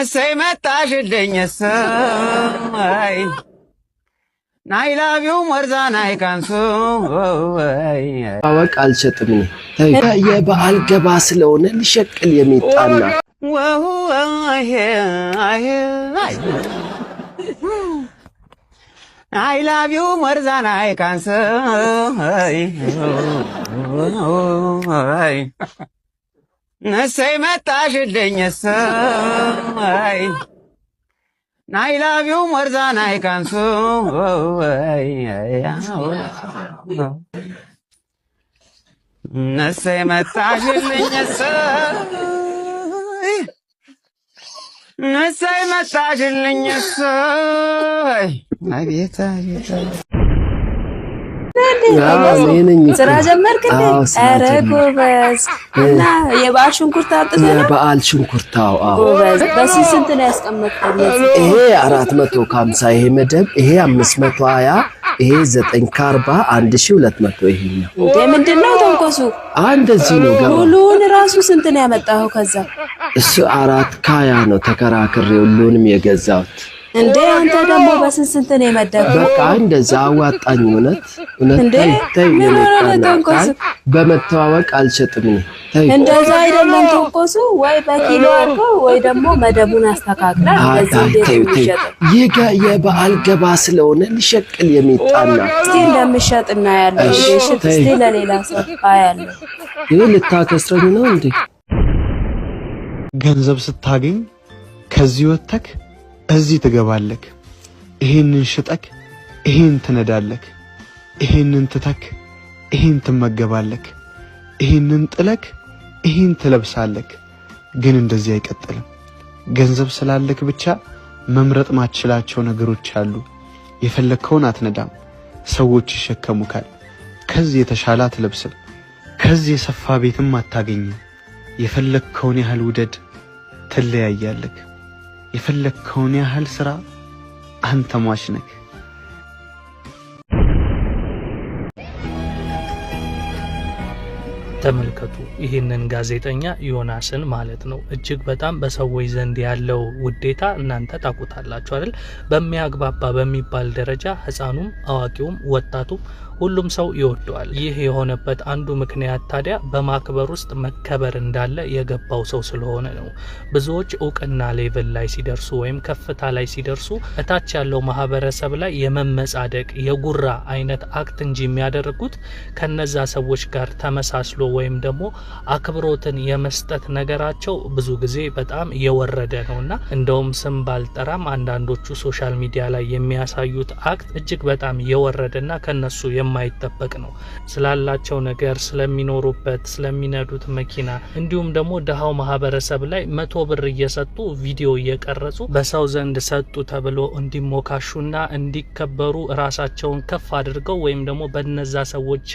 እሰይ መጣሽልኝ እሰይ ናይ መርዛ ናይ ካንሱ አወቅ አልሸጥም። የበዓል ገባ ስለሆነ ሊሸቅል የሚጣና ናይ ላቢው መርዛ ናይ ካንሱ እሰይ መጣሽልኝ እሰይ ናይ ላቪው መርዛ ናይ ካንሱ እሰይ መጣሽልኝ እሰይ እሰይ መጣሽልኝ እሰይ አቤት አቤት ስራ ጀመርክ? ኧረ ጎበዝ። እና የበዓል ሽንኩርት አምጥተህ ነው? የበዓል ሽንኩርት ጎበዝ። በስንት ስንት ነው ያስቀመጥከው? ይሄ አራት መቶ ከሀምሳ ይሄ መደብ፣ ይሄ አምስት መቶ ሀያ ይሄ ዘጠኝ ከአርባ አንድ ሺህ ሁለት መቶ ይሄኛው እንደ ምንድን ነው ተንኮሱ? እንደዚህ ነው። ሁሉን ራሱ ስንት ነው ያመጣኸው? ከዛ እሱ አራት ከሀያ ነው ተከራክሬ ሁሉንም የገዛሁት እንዴ አንተ ደግሞ በስንት ስንት ነው የመደብከው? በቃ እንደዛ አዋጣኝ። እውነት እውነት በመተዋወቅ አልሸጥም ነው እንደዛ አይደለም ተንኮሱ፣ ወይ በኪሎ አድርገው ወይ ደግሞ መደቡን አስተካክላል። እንደዚህ የበዓል ገባ ስለሆነ ሊሸቅል የሚጣና እስቲ እንደምሸጥ እና ያለው ሽጥ እስቲ ለሌላ ሰው አያለው። ይህ ልታከስረኝ ነው እንዴ? ገንዘብ ስታገኝ ከዚህ ወተክ እዚህ ትገባለክ፣ ይሄንን ሽጠክ፣ ይሄን ትነዳለክ፣ ይሄንን ትተክ፣ ይሄን ትመገባለክ፣ ይሄንን ጥለክ፣ ይሄን ትለብሳለክ። ግን እንደዚህ አይቀጥልም። ገንዘብ ስላለክ ብቻ መምረጥ ማትችላቸው ነገሮች አሉ። የፈለግከውን አትነዳም፣ ሰዎች ይሸከሙካል። ከዚህ የተሻለ አትለብስም፣ ከዚህ የሰፋ ቤትም አታገኝም። የፈለግከውን ያህል ውደድ፣ ትለያያለክ። يفلك كوني هالسرى أنت ماشنك ተመልከቱ ይህንን ጋዜጠኛ ዮናስን ማለት ነው። እጅግ በጣም በሰዎች ዘንድ ያለው ውዴታ እናንተ ታውቁታላችሁ አይደል? በሚያግባባ በሚባል ደረጃ ሕፃኑም አዋቂውም ወጣቱም ሁሉም ሰው ይወደዋል። ይህ የሆነበት አንዱ ምክንያት ታዲያ በማክበር ውስጥ መከበር እንዳለ የገባው ሰው ስለሆነ ነው። ብዙዎች እውቅና ሌቭል ላይ ሲደርሱ ወይም ከፍታ ላይ ሲደርሱ እታች ያለው ማህበረሰብ ላይ የመመጻደቅ የጉራ አይነት አክት እንጂ የሚያደርጉት ከነዛ ሰዎች ጋር ተመሳስሎ ወይም ደግሞ አክብሮትን የመስጠት ነገራቸው ብዙ ጊዜ በጣም የወረደ ነው እና እንደውም ስም ባልጠራም አንዳንዶቹ ሶሻል ሚዲያ ላይ የሚያሳዩት አክት እጅግ በጣም የወረደና ከነሱ የማይጠበቅ ነው። ስላላቸው ነገር፣ ስለሚኖሩበት፣ ስለሚነዱት መኪና እንዲሁም ደግሞ ድሃው ማህበረሰብ ላይ መቶ ብር እየሰጡ ቪዲዮ እየቀረጹ በሰው ዘንድ ሰጡ ተብሎ እንዲሞካሹና እንዲከበሩ ራሳቸውን ከፍ አድርገው ወይም ደግሞ በነዛ ሰዎች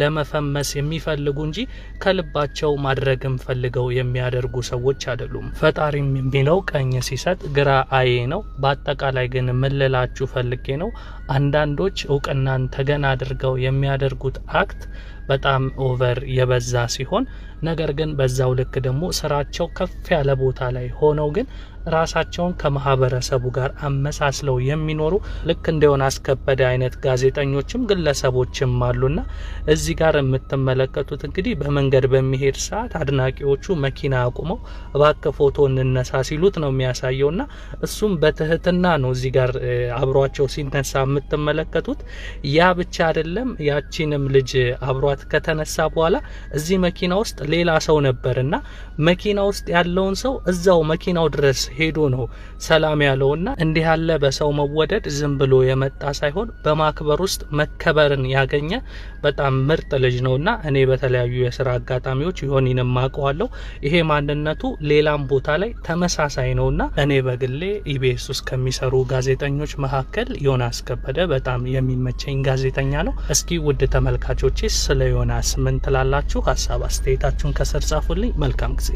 ለመፈመስ የሚፈልጉ እንጂ እንጂ ከልባቸው ማድረግም ፈልገው የሚያደርጉ ሰዎች አይደሉም። ፈጣሪም የሚለው ቀኝ ሲሰጥ ግራ አዬ ነው። በአጠቃላይ ግን ምልላችሁ ፈልጌ ነው አንዳንዶች እውቅናን ተገን አድርገው የሚያደርጉት አክት በጣም ኦቨር የበዛ ሲሆን ነገር ግን በዛው ልክ ደግሞ ስራቸው ከፍ ያለ ቦታ ላይ ሆነው ግን ራሳቸውን ከማህበረሰቡ ጋር አመሳስለው የሚኖሩ ልክ እንደሆነ አስከበደ አይነት ጋዜጠኞችም ግለሰቦችም አሉና እዚህ ጋር የምትመለከቱት እንግዲህ በመንገድ በሚሄድ ሰዓት አድናቂዎቹ መኪና አቁመው እባክህ ፎቶ እንነሳ ሲሉት ነው የሚያሳየውና እሱም በትህትና ነው እዚህ ጋር አብሯቸው ሲነሳ የምትመለከቱት። ያ ብቻ አይደለም፣ ያቺንም ልጅ አብሯት ከተነሳ በኋላ እዚህ መኪና ውስጥ ሌላ ሰው ነበርና መኪና ውስጥ ያለውን ሰው እዛው መኪናው ድረስ ሄዶ ነው ሰላም ያለውና እንዲህ ያለ በሰው መወደድ ዝም ብሎ የመጣ ሳይሆን በማክበር ውስጥ መከበርን ያገኘ በጣም ምርጥ ልጅ ነውና እኔ በተለያዩ የስራ አጋጣሚዎች ይሆንን ማቀዋለሁ። ይሄ ማንነቱ ሌላም ቦታ ላይ ተመሳሳይ ነውና እኔ በግሌ ኢቢኤስ ውስጥ ከሚሰሩ ጋዜጠኞች መካከል ዮናስ ከበደ በጣም የሚመቸኝ ጋዜጠኛ ነው። እስኪ ውድ ተመልካቾቼ ስለ ዮናስ ምን ትላላችሁ? ሀሳብ አስተያየታችሁን ከስር ጻፉልኝ። መልካም ጊዜ